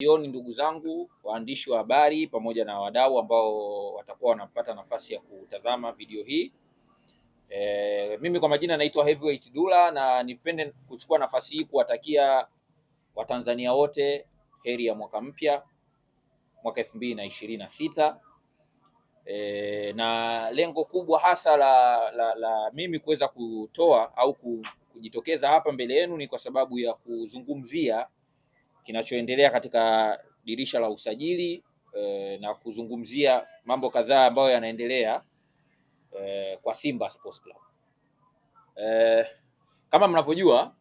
Jioni ndugu zangu waandishi wa habari pamoja na wadau ambao watakuwa wanapata nafasi ya kutazama video hii. E, mimi kwa majina naitwa Heavyweight Dulla na nipende kuchukua nafasi hii kuwatakia Watanzania wote heri ya mwaka mpya mwaka elfu mbili na ishirini na sita. E, na lengo kubwa hasa la, la, la mimi kuweza kutoa au kujitokeza hapa mbele yenu ni kwa sababu ya kuzungumzia kinachoendelea katika dirisha la usajili e, na kuzungumzia mambo kadhaa ambayo yanaendelea e, kwa Simba Sports Club. E, kama mnavyojua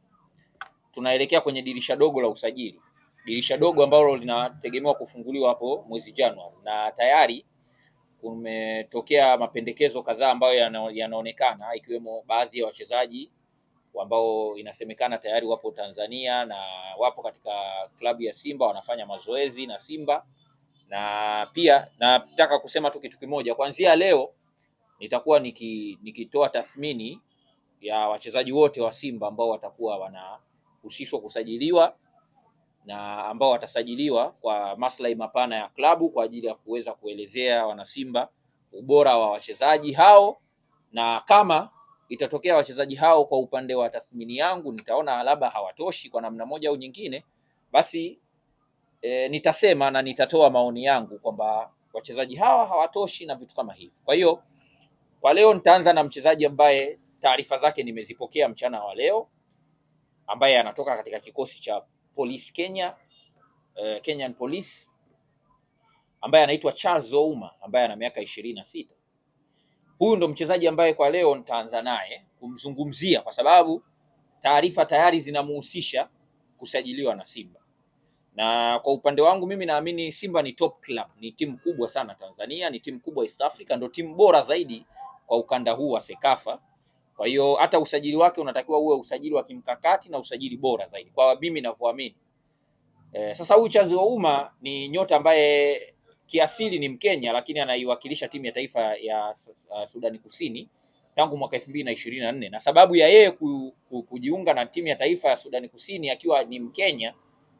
tunaelekea kwenye dirisha dogo la usajili, dirisha dogo ambalo linategemewa kufunguliwa hapo mwezi Januari, na tayari kumetokea mapendekezo kadhaa ambayo yanaonekana ikiwemo baadhi ya wachezaji ambao inasemekana tayari wapo Tanzania na wapo katika klabu ya Simba wanafanya mazoezi na Simba. Na pia nataka kusema tu kitu kimoja, kuanzia leo nitakuwa niki, nikitoa tathmini ya wachezaji wote wa Simba ambao watakuwa wanahusishwa kusajiliwa na ambao watasajiliwa kwa maslahi mapana ya klabu kwa ajili ya kuweza kuelezea wanasimba ubora wa wachezaji hao na kama itatokea wachezaji hao, kwa upande wa tathmini yangu, nitaona labda hawatoshi kwa namna moja au nyingine, basi e, nitasema na nitatoa maoni yangu kwamba wachezaji hawa hawatoshi na vitu kama hivi. Kwa hiyo kwa leo nitaanza na mchezaji ambaye taarifa zake nimezipokea mchana wa leo, ambaye anatoka katika kikosi cha Police Kenya, eh, Kenyan Police ambaye anaitwa Charles Ouma ambaye ana miaka ishirini na sita. Huyu ndo mchezaji ambaye kwa leo nitaanza naye kumzungumzia kwa sababu taarifa tayari zinamuhusisha kusajiliwa na Simba, na kwa upande wangu mimi naamini Simba ni top club, ni timu kubwa sana Tanzania, ni timu kubwa East Africa, ndo timu bora zaidi kwa ukanda huu wa Sekafa. Kwa hiyo hata usajili wake unatakiwa uwe usajili wa kimkakati na usajili bora zaidi kwa mimi ninavyoamini. Eh, sasa huyu chazi wa umma ni nyota ambaye kiasili ni Mkenya lakini anaiwakilisha timu ya taifa ya uh, Sudani Kusini tangu mwaka elfu mbili na ishirini na nne na sababu ya yeye ku, ku, kujiunga na timu ya taifa ya Sudani Kusini akiwa ni Mkenya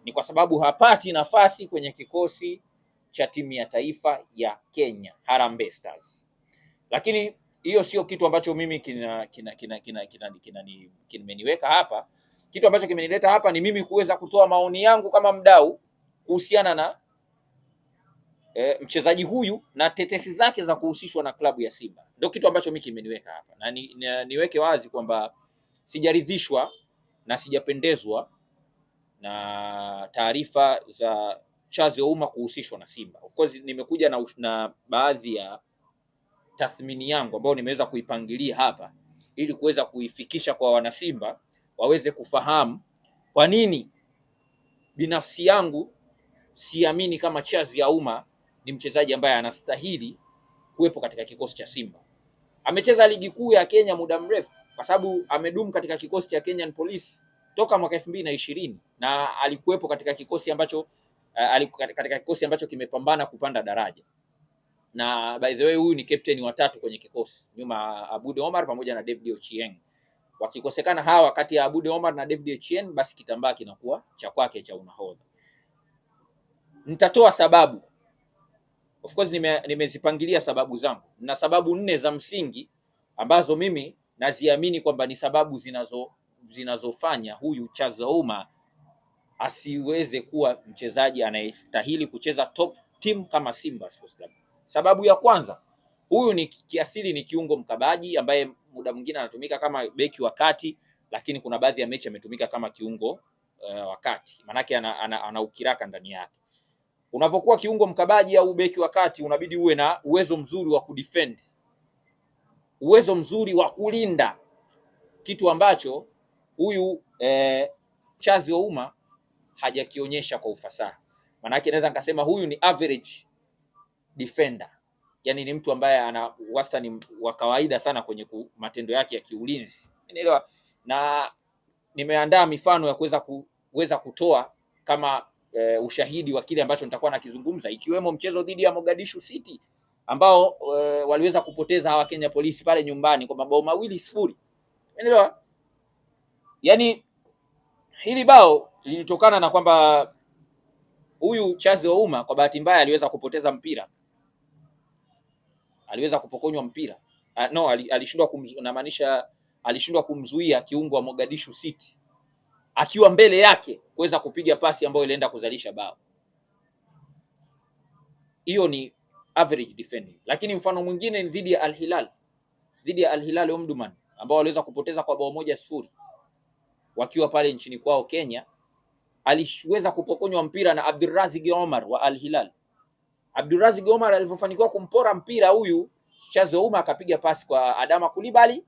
ni kwa sababu hapati nafasi kwenye kikosi cha timu ya taifa ya Kenya Harambee Stars. Lakini hiyo sio kitu ambacho mimi kimeniweka kina, kina, kina, kina, kina, kina, kina hapa. Kitu ambacho kimenileta hapa ni mimi kuweza kutoa maoni yangu kama mdau kuhusiana na e, mchezaji huyu na tetesi zake za kuhusishwa na klabu ya Simba. Ndio kitu ambacho mimi kimeniweka hapa na, ni, ni, niweke wazi kwamba sijaridhishwa na sijapendezwa na taarifa za Charles Ouma kuhusishwa na Simba. Of course nimekuja na, na baadhi ya tathmini yangu ambayo nimeweza kuipangilia hapa ili kuweza kuifikisha kwa wanasimba waweze kufahamu kwa nini binafsi yangu siamini kama Charles Ouma ni mchezaji ambaye anastahili kuwepo katika kikosi cha Simba. Amecheza ligi kuu ya Kenya muda mrefu kwa sababu amedumu katika kikosi cha Kenyan Police toka mwaka elfu mbili na ishirini na alikuwepo katika kikosi ambacho uh, eh, alikuwa katika kikosi ambacho kimepambana kupanda daraja na by the way, huyu ni captain watatu kwenye kikosi nyuma Abude Omar pamoja na David Ochieng. Wakikosekana hawa kati ya Abude Omar na David Ochieng, basi kitambaa kinakuwa cha kwake cha unahodha. Nitatoa sababu Of course nime, nimezipangilia sababu zangu na sababu nne za msingi ambazo mimi naziamini kwamba ni sababu zinazo zinazofanya huyu Chazouma asiweze kuwa mchezaji anayestahili kucheza top team kama Simba Sports Club. Sababu ya kwanza, huyu ni kiasili ni kiungo mkabaji ambaye muda mwingine anatumika kama beki wa kati, lakini kuna baadhi ya mechi ametumika kama kiungo uh, wa kati, maanake ana, ana, ana ukiraka ndani yake. Unapokuwa kiungo mkabaji au beki wa kati, unabidi uwe na uwezo mzuri wa kudefend, uwezo mzuri wa kulinda, kitu ambacho huyu eh, Chazi Ouma hajakionyesha kwa ufasaha. Maanake naweza nikasema huyu ni average defender, yani ni mtu ambaye ana wastani wa kawaida sana kwenye matendo yake ya kiulinzi, unaelewa. Na nimeandaa mifano ya kuweza kuweza kutoa kama e, ushahidi wa kile ambacho nitakuwa nakizungumza, ikiwemo mchezo dhidi ya Mogadishu City ambao e, waliweza kupoteza hawa Kenya Polisi pale nyumbani kwa mabao mawili sifuri. Umeelewa? Yaani hili bao lilitokana na kwamba huyu Charles Ouma kwa bahati mbaya aliweza kupoteza mpira, aliweza kupokonywa mpira uh, no, alishindwa kumzu, namaanisha alishindwa kumzuia kiungo wa Mogadishu City akiwa mbele yake kuweza kupiga pasi ambayo ilienda kuzalisha bao. Hiyo ni average defending, lakini mfano mwingine ni dhidi ya Al Hilal, dhidi ya Al Hilal Omdurman ambao waliweza kupoteza kwa bao moja sifuri wakiwa pale nchini kwao Kenya. Aliweza kupokonywa mpira na abdurazig Omar wa Al Hilal. abdurazig Omar alivyofanikiwa kumpora mpira huyu Chazouma, akapiga pasi kwa Adama Kulibali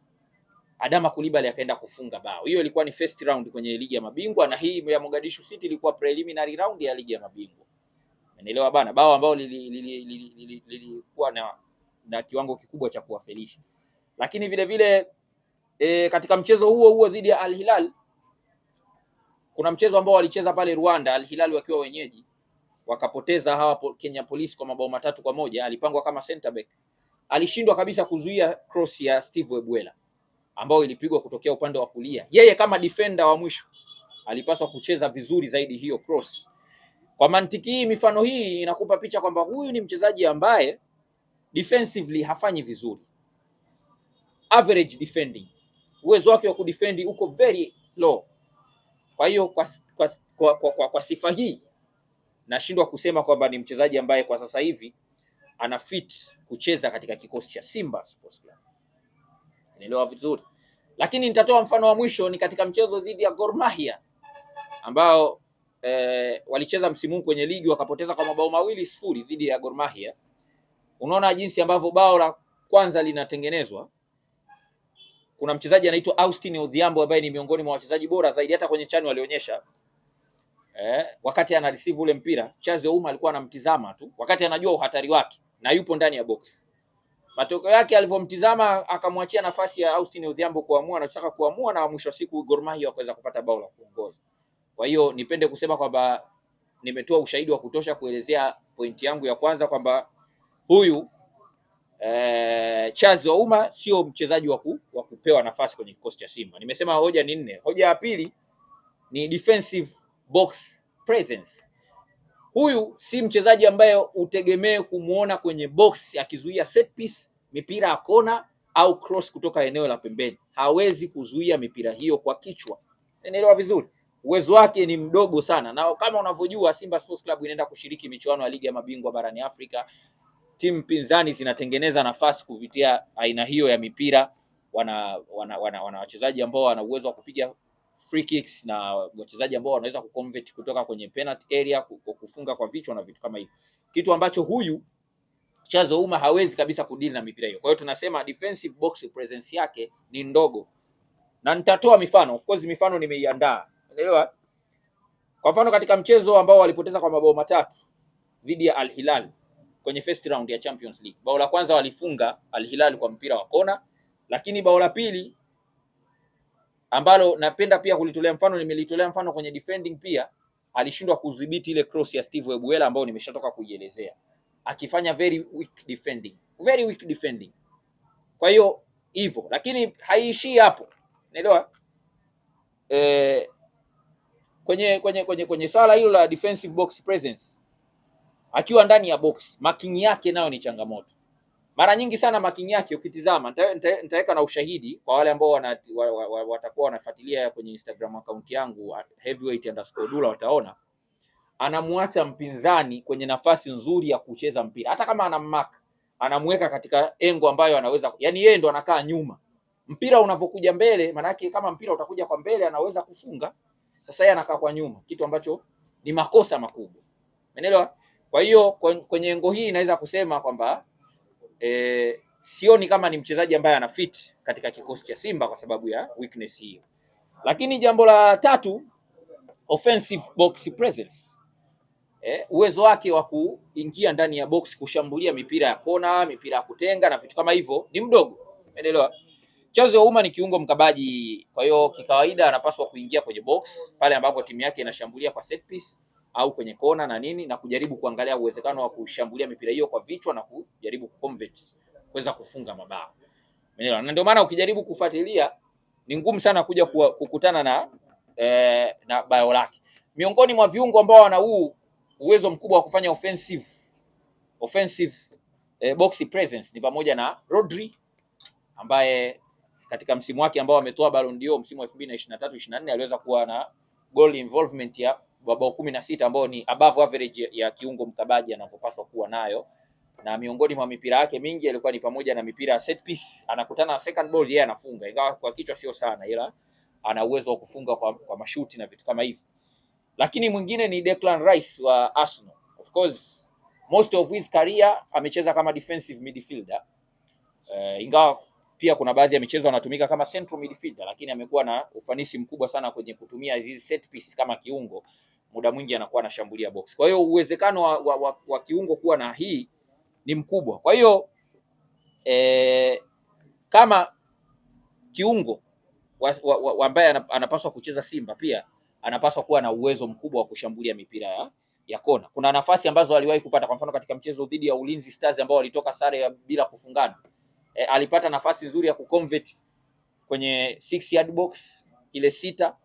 Adama Kulibali akaenda kufunga bao. Hiyo ilikuwa ni first round kwenye ligi ya mabingwa, na hii ya Mogadishu City ilikuwa preliminary round ya ligi ya mabingwa. Umeelewa bana? Bao ambao lilikuwa na, na kiwango kikubwa cha kuwafelisha, lakini vile vile e, katika mchezo huo huo dhidi ya Al Hilal kuna mchezo ambao walicheza pale Rwanda, Al Hilal wakiwa wenyeji wakapoteza hawa Kenya Police kwa mabao matatu kwa moja. Alipangwa kama center back, alishindwa kabisa kuzuia cross ya Steve Webuela ambayo ilipigwa kutokea upande wa kulia. Yeye kama defender wa mwisho alipaswa kucheza vizuri zaidi hiyo cross. Kwa mantiki hii, mifano hii inakupa picha kwamba huyu ni mchezaji ambaye defensively hafanyi vizuri, average defending, uwezo wake wa kudefendi uko very low. Kwa hiyo kwa, kwa, kwa, kwa, kwa, kwa sifa hii nashindwa kusema kwamba ni mchezaji ambaye kwa sasa hivi ana fit kucheza katika kikosi cha Simba Sports Club. Nielewa vizuri. Lakini nitatoa mfano wa mwisho ni katika mchezo dhidi ya Gor Mahia ambao e, walicheza msimu huu kwenye ligi wakapoteza kwa mabao mawili sifuri dhidi ya Gor Mahia. Unaona jinsi ambavyo bao la kwanza linatengenezwa. Kuna mchezaji anaitwa Austin Odhiambo ambaye ni miongoni mwa wachezaji bora zaidi hata kwenye chani walionyesha Eh, wakati ana receive ule mpira Charles Ouma alikuwa anamtizama tu, wakati anajua uhatari wake na yupo ndani ya box. Matokeo yake alivyomtizama akamwachia nafasi ya Austin Odhiambo kuamua anachotaka kuamua, na mwisho wa siku Gor Mahia wakaweza kupata bao la kuongoza. Kwa hiyo nipende kusema kwamba nimetoa ushahidi wa kutosha kuelezea pointi yangu ya kwanza kwamba huyu eh, Charles Ouma sio mchezaji wa kupewa nafasi kwenye kikosi cha Simba. Nimesema hoja ni nne. Hoja ya pili ni defensive box presence. Huyu si mchezaji ambaye utegemee kumwona kwenye box akizuia set piece mipira ya kona au cross kutoka eneo la pembeni. Hawezi kuzuia mipira hiyo kwa kichwa, unaelewa vizuri. Uwezo wake ni mdogo sana, na kama unavyojua Simba Sports Club inaenda kushiriki michuano ya ligi ya mabingwa barani Afrika. Timu pinzani zinatengeneza nafasi kupitia aina hiyo ya mipira. Wana wana, wana, wana wachezaji ambao wana uwezo wa kupiga free kicks na wachezaji ambao wanaweza kuconvert kutoka kwenye penalty area, kufunga kwa vichwa na vitu kama hivyo, kitu ambacho huyu Uma hawezi kabisa kudili na mipira hiyo. Kwa hiyo tunasema defensive box presence yake ni ndogo, na nitatoa mifano, of course mifano nimeiandaa, unaelewa. Kwa mfano katika mchezo ambao walipoteza kwa mabao matatu dhidi ya Al Hilal kwenye first round ya Champions League, bao la kwanza walifunga Al Hilal kwa mpira wa kona, lakini bao la pili ambalo napenda pia kulitolea mfano, nimelitolea mfano kwenye defending pia, alishindwa kudhibiti ile cross ya Steve Webuela ambayo nimeshatoka kuielezea akifanya very weak defending, very weak defending. Kwa hiyo hivyo, lakini haiishii hapo, unaelewa e, kwenye kwenye kwenye kwenye swala hilo la defensive box presence, akiwa ndani ya box marking yake nayo ni changamoto mara nyingi sana makingi yake ukitizama, nitaweka na ushahidi kwa wale ambao wa, wa, wa, watakuwa wanafuatilia kwenye Instagram account yangu Heavyweight_Dullah wataona anamwacha mpinzani kwenye nafasi nzuri ya kucheza mpira, hata kama anammark, anamweka katika engo ambayo anaweza, yani yeye ndo anakaa nyuma, mpira unavyokuja mbele. Maanake kama mpira utakuja kwa mbele anaweza kufunga, sasa yeye anakaa kwa nyuma, kitu ambacho ni makosa makubwa, umeelewa? Kwa hiyo kwenye engo hii inaweza kusema kwamba e, sioni kama ni mchezaji ambaye ana fit katika kikosi cha Simba kwa sababu ya weakness hiyo. Lakini jambo la tatu offensive box presence eh, uwezo wake wa kuingia ndani ya box kushambulia mipira ya kona, mipira ya kutenga na vitu kama hivyo ni mdogo, umeelewa? Chazo Ouma ni kiungo mkabaji, kwa hiyo kikawaida anapaswa kuingia kwenye box pale ambapo timu yake inashambulia kwa set piece au kwenye kona na nini na kujaribu kuangalia uwezekano wa kushambulia mipira hiyo kwa vichwa na kujaribu kuconvert kuweza kufunga mabao. Umeelewa? Na ndio maana ukijaribu kufuatilia ni ngumu sana kuja kukutana na, eh, na bao lake. Miongoni mwa viungo ambao wana huu uwezo mkubwa wa kufanya offensive, offensive eh, box presence ni pamoja na Rodri ambaye katika msimu wake ambao ametoa Ballon d'Or msimu wa 2023 24 aliweza kuwa na goal involvement ya mabao kumi na sita ambayo ni above average ya kiungo mkabaji anavyopaswa kuwa nayo, na miongoni mwa mipira yake mingi alikuwa ni pamoja na mipira ya set piece, anakutana na second ball, yeye anafunga, ingawa kwa kichwa sio sana, ila ana uwezo wa kufunga kwa, kwa mashuti na vitu kama hivyo lakini mwingine ni Declan Rice wa Arsenal. Of course most of his career amecheza kama defensive midfielder uh, ingawa pia kuna baadhi ya michezo anatumika kama central midfielder, lakini amekuwa na ufanisi mkubwa sana kwenye kutumia hizi set piece kama kiungo, muda mwingi anakuwa anashambulia box. Kwa hiyo uwezekano wa, wa, wa, wa kiungo kuwa na hii ni mkubwa. Kwa hiyo eh, kama kiungo ambaye wa, wa, anapaswa kucheza Simba pia anapaswa kuwa na uwezo mkubwa wa kushambulia mipira ya, ya kona. Kuna nafasi ambazo aliwahi kupata, kwa mfano katika mchezo dhidi ya Ulinzi Stars ambao walitoka sare bila kufungana e, alipata nafasi nzuri ya kuconvert kwenye six yard box ile sita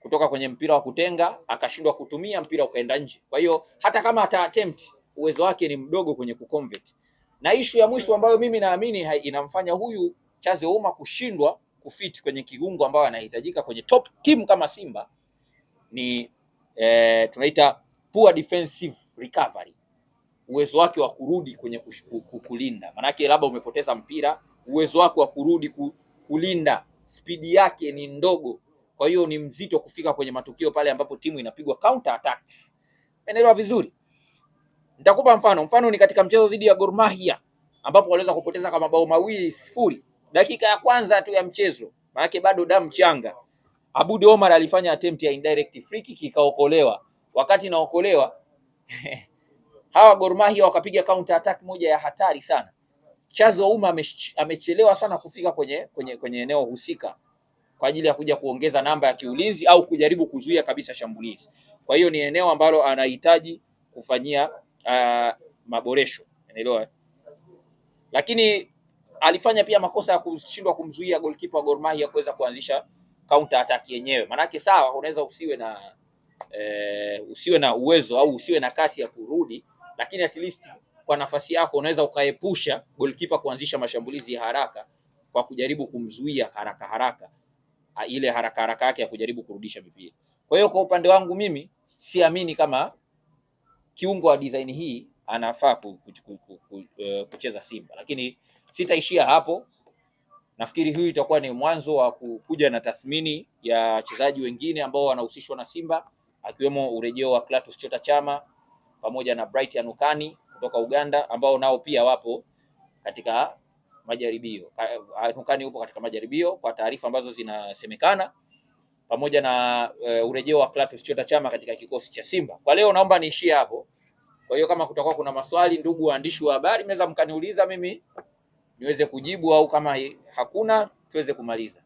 kutoka kwenye mpira wa kutenga akashindwa kutumia, mpira ukaenda nje. Kwa hiyo hata kama ata attempt uwezo wake ni mdogo kwenye kuconvert. Na ishu ya mwisho ambayo mimi naamini inamfanya huyu Chaze Ouma kushindwa kufit kwenye kiungo ambao anahitajika kwenye top team kama Simba ni eh, tunaita poor defensive recovery, uwezo wake wa kurudi kwenye kulinda. Maanake labda umepoteza mpira, uwezo wake wa kurudi kulinda, spidi yake ni ndogo, kwa hiyo ni mzito kufika kwenye matukio pale ambapo timu inapigwa counter attacks. Enelewa vizuri, nitakupa mfano. Mfano ni katika mchezo dhidi ya Gor Mahia ambapo waliweza kupoteza kwa mabao mawili sifuri dakika ya kwanza tu ya mchezo, maanake bado damu changa, Aboud Omar alifanya attempt ya indirect free kick ikaokolewa. Wakati inaokolewa hawa Gor Mahia wakapiga counter attack moja ya hatari sana. Chazo Uma amechelewa sana kufika kwenye, kwenye, kwenye eneo husika kwa ajili ya kuja kuongeza namba ya kiulinzi au kujaribu kuzuia kabisa shambulizi. Kwa hiyo ni eneo ambalo anahitaji kufanyia uh, maboresho, unaelewa. Lakini alifanya pia makosa ya kushindwa kumzuia goalkeeper wa Gor Mahia kuweza kuanzisha counter attack yenyewe. Maanake sawa, unaweza usiwe na e, usiwe na uwezo au usiwe na kasi ya kurudi, lakini at least kwa nafasi yako unaweza ukaepusha goalkeeper kuanzisha mashambulizi ya haraka kwa kujaribu kumzuia haraka haraka ile haraka haraka yake ya kujaribu kurudisha mipira. Kwa hiyo kwa upande wangu mimi siamini kama kiungo wa design hii anafaa eh, kucheza Simba, lakini Sitaishia hapo, nafikiri hii itakuwa ni mwanzo wa kukuja na tathmini ya wachezaji wengine ambao wanahusishwa na Simba, akiwemo urejeo wa Clatous Chota Chama pamoja na Bright Anukani kutoka Uganda ambao nao pia wapo katika majaribio. Anukani yupo katika majaribio kwa taarifa ambazo zinasemekana, pamoja na uh, urejeo wa Clatous Chota Chama katika kikosi cha Simba. Kwa leo naomba niishie hapo. Kwa hiyo kama kutakuwa kuna maswali, ndugu waandishi wa habari, mnaweza mkaniuliza mimi niweze kujibu au kama hakuna tuweze kumaliza.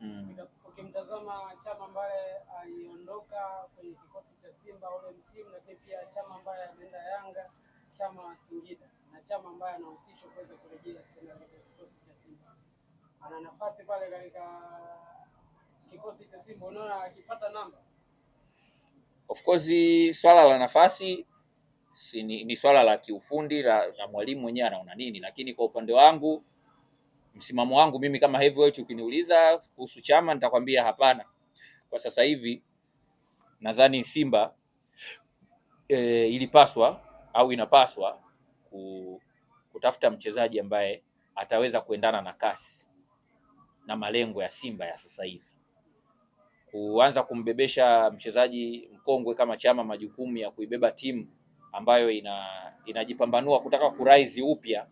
Mm. Ukimtazama Chama ambaye aliondoka kwenye kikosi cha Simba ule msimu, lakini pia Chama ambaye ameenda Yanga, Chama wa Singida na Chama ambaye anahusishwa kuweza kurejea tena katika kikosi cha Simba, ana nafasi pale katika kikosi cha Simba. Unaona akipata namba Of course swala la nafasi si, ni, ni swala la kiufundi la, la mwalimu mwenyewe anaona nini, lakini kwa upande wangu msimamo wangu mimi kama Heavyweight ukiniuliza kuhusu chama nitakwambia hapana. Kwa sasa hivi nadhani Simba e, ilipaswa au inapaswa kutafuta mchezaji ambaye ataweza kuendana na kasi na malengo ya Simba ya sasa hivi kuanza kumbebesha mchezaji mkongwe kama Chama majukumu ya kuibeba timu ambayo ina inajipambanua kutaka kuraizi upya,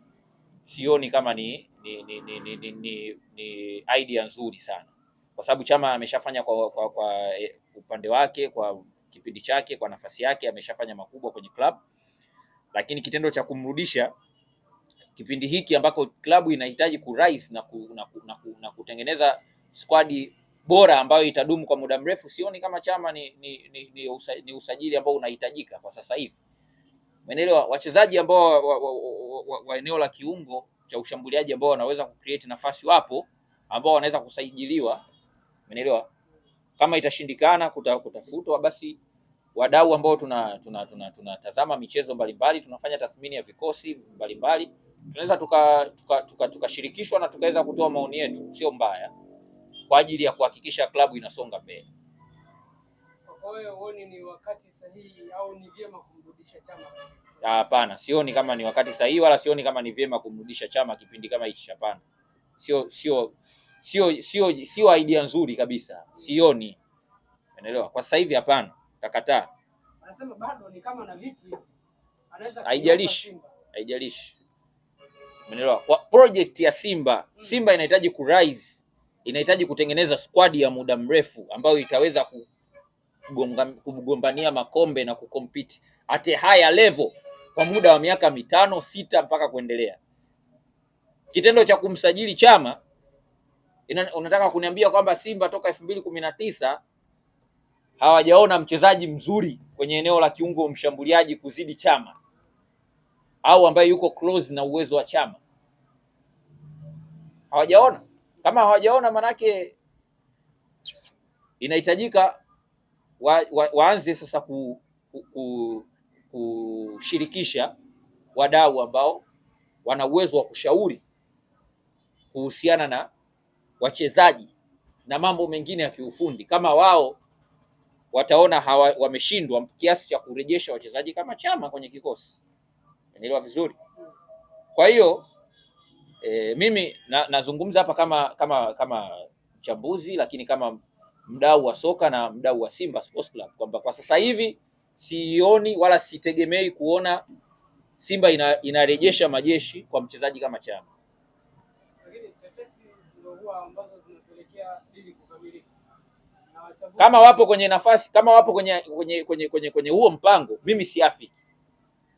sioni kama ni ni, ni, ni, ni, ni, ni, ni idea nzuri sana, kwa sababu Chama ameshafanya kwa, kwa, kwa e, upande wake kwa kipindi chake kwa nafasi yake ameshafanya makubwa kwenye klabu, lakini kitendo cha kumrudisha kipindi hiki ambako klabu inahitaji kurise na, ku, na, ku, na, ku, na kutengeneza squadi bora ambayo itadumu kwa muda mrefu, sioni kama chama ni, ni, ni, ni, usa, ni usajili ambao unahitajika kwa sasa hivi. Umeelewa? Wachezaji ambao wa, wa, wa, wa, wa, eneo la kiungo cha ushambuliaji ambao wanaweza kucreate nafasi wapo, ambao wanaweza kusajiliwa. Umeelewa? Kama itashindikana kutafutwa, basi wadau ambao tunatazama tuna, tuna, tuna michezo mbalimbali, tunafanya tathmini ya vikosi mbalimbali, tunaweza tukashirikishwa tuka, tuka, tuka na tukaweza kutoa maoni yetu, sio mbaya kwa ajili ya kuhakikisha klabu inasonga mbele. Hapana, sioni kama ni wakati sahihi wala sioni kama ni vyema kumrudisha Chama kipindi kama hichi. Hapana, sio sio sio sio sio idea nzuri kabisa, sioni. Unaelewa? Kwa sasa hivi hapana, kakataa. Anasema bado ni kama na vipi, anaweza haijalishi, haijalishi. Unaelewa? Kwa project ya Simba, hmm. Simba inahitaji ku rise inahitaji kutengeneza squad ya muda mrefu ambayo itaweza kugombania makombe na kucompete at haya levo kwa muda wa miaka mitano sita mpaka kuendelea. Kitendo cha kumsajili Chama ina, unataka kuniambia kwamba Simba toka elfu mbili kumi na tisa hawajaona mchezaji mzuri kwenye eneo la kiungo mshambuliaji kuzidi Chama au ambaye yuko close na uwezo wa Chama hawajaona. Kama hawajaona manake inahitajika wa, wa, waanze sasa ku, ku, ku, kushirikisha wadau ambao wana uwezo wa kushauri kuhusiana na wachezaji na mambo mengine ya kiufundi. Kama wao wataona hawa wameshindwa kiasi cha kurejesha wachezaji kama chama kwenye kikosi, naelewa vizuri. Kwa hiyo E, mimi na, nazungumza hapa kama kama kama mchambuzi lakini kama mdau wa soka na mdau wa Simba Sports Club kwamba kwa sasa hivi sioni wala sitegemei kuona Simba ina, inarejesha majeshi kwa mchezaji kama Chama. Kama wapo kwenye nafasi kama wapo kwenye kwenye kwenye kwenye, kwenye huo mpango mimi siafiki,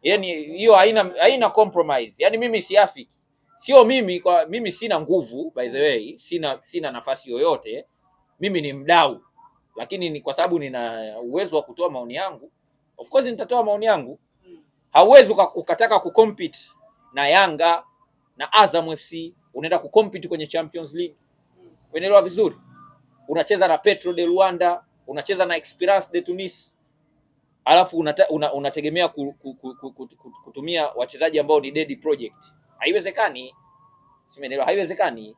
yaani hiyo haina haina compromise, yaani mimi siafiki sio mimi kwa mimi sina nguvu by the way, sina sina nafasi yoyote, mimi ni mdau, lakini ni kwa sababu nina uwezo wa kutoa maoni yangu, of course nitatoa maoni yangu. Hauwezi ukataka kucompete na Yanga na Azam FC, unaenda kucompete kwenye Champions League, unaelewa vizuri, unacheza na Petro de Luanda, unacheza na experience de Tunis alafu unategemea una, una kutumia wachezaji ambao ni dead project haiwezekani. Simenelewa, haiwezekani.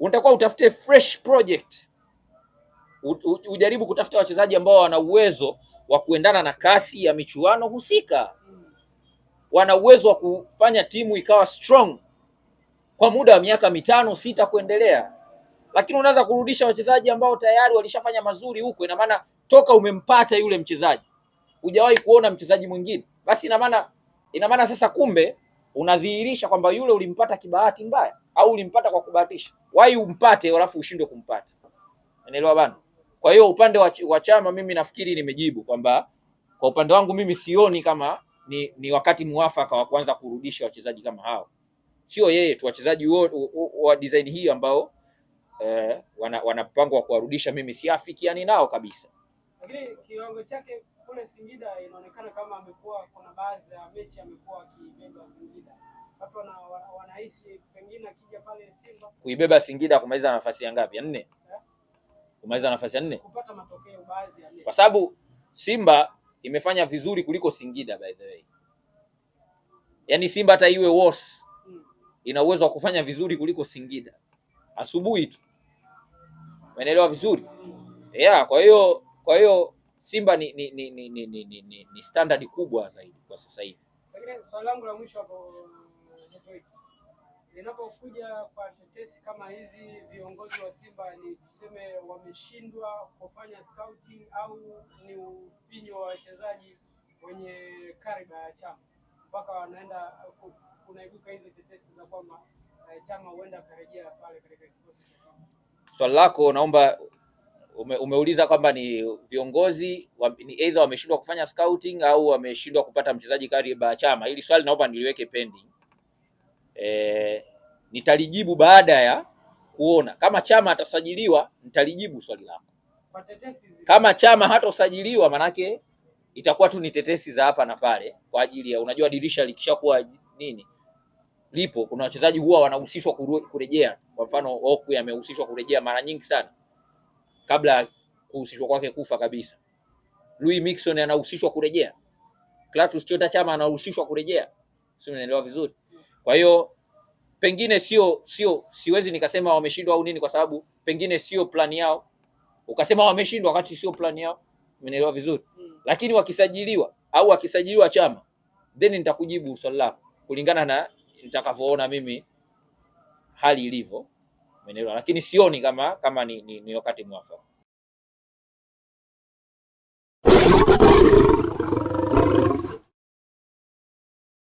Unatakuwa utafute fresh project, ujaribu kutafuta wachezaji ambao wana uwezo wa kuendana na kasi ya michuano husika, wana uwezo wa kufanya timu ikawa strong kwa muda wa miaka mitano sita kuendelea, lakini unaweza kurudisha wachezaji ambao tayari walishafanya mazuri huko. Ina maana toka umempata yule mchezaji hujawahi kuona mchezaji mwingine, basi ina maana ina maana sasa kumbe unadhihirisha kwamba yule ulimpata kibahati mbaya au ulimpata kwa kubahatisha. Wai umpate alafu ushindwe kumpata, unaelewa bana? Kwa hiyo upande wa chama mimi nafikiri nimejibu kwamba kwa upande wangu mimi sioni kama ni, ni wakati muwafaka wa kuanza kurudisha wachezaji kama hao. Sio yeye tu, wachezaji wa design hii ambao eh, wana, wana mpango wa kuwarudisha, mimi siafikiani nao kabisa, lakini kiwango chake kule Singida inaonekana kama amekuwa kuna baadhi ya mechi amekuwa akibeba Singida, watu wanahisi pengine akija pale Simba kuibeba Singida kumaliza nafasi ya ngapi? Ya nne yeah. kumaliza nafasi ya nne kupata matokeo baadhi ya mechi, kwa sababu Simba imefanya vizuri kuliko Singida by the way, yaani Simba hata iwe worse hmm, ina uwezo wa kufanya vizuri kuliko Singida asubuhi tu, umeelewa vizuri hmm. Yeah, kwa hiyo kwa hiyo Simba ni, ni, ni, ni, ni, ni, ni, ni standard kubwa zaidi kwa sasa hivi. Lakini swali langu la mwisho hapo uh, linapokuja kwa tetesi kama hizi, viongozi wa Simba ni tuseme wameshindwa kufanya scouting au ni ufinyo wa wachezaji wenye kariba ya chama mpaka wanaenda kunaibuka hizi tetesi za kwamba eh, chama huenda akarejea pale katika kikosi cha Simba? Swali lako naomba ume, umeuliza kwamba ni viongozi wa, ni either wameshindwa kufanya scouting au wameshindwa kupata mchezaji kariba chama. Hili swali naomba niliweke pending e, nitalijibu baada ya kuona kama Chama atasajiliwa, nitalijibu swali lako. Kama Chama hatosajiliwa, manake itakuwa tu ni tetesi za hapa na pale kwa ajili ya unajua, dirisha likishakuwa nini lipo, kuna wachezaji huwa wanahusishwa kurejea. Kwa mfano Okwi amehusishwa kurejea mara nyingi sana kabla ya kuhusishwa kwake kufa kabisa. Louis Mixon anahusishwa kurejea, Clatous Chota Chama anahusishwa kurejea, sio? Unaelewa vizuri. Kwa hiyo pengine sio sio, siwezi nikasema wameshindwa au nini, kwa sababu pengine sio plani yao, ukasema wameshindwa wakati sio plani yao. Umeelewa vizuri hmm. Lakini wakisajiliwa au wakisajiliwa Chama, then nitakujibu swali lako kulingana na nitakavyoona mimi hali ilivyo. Umeelewa? Lakini sioni kama kama ni, ni, ni wakati mwafaka.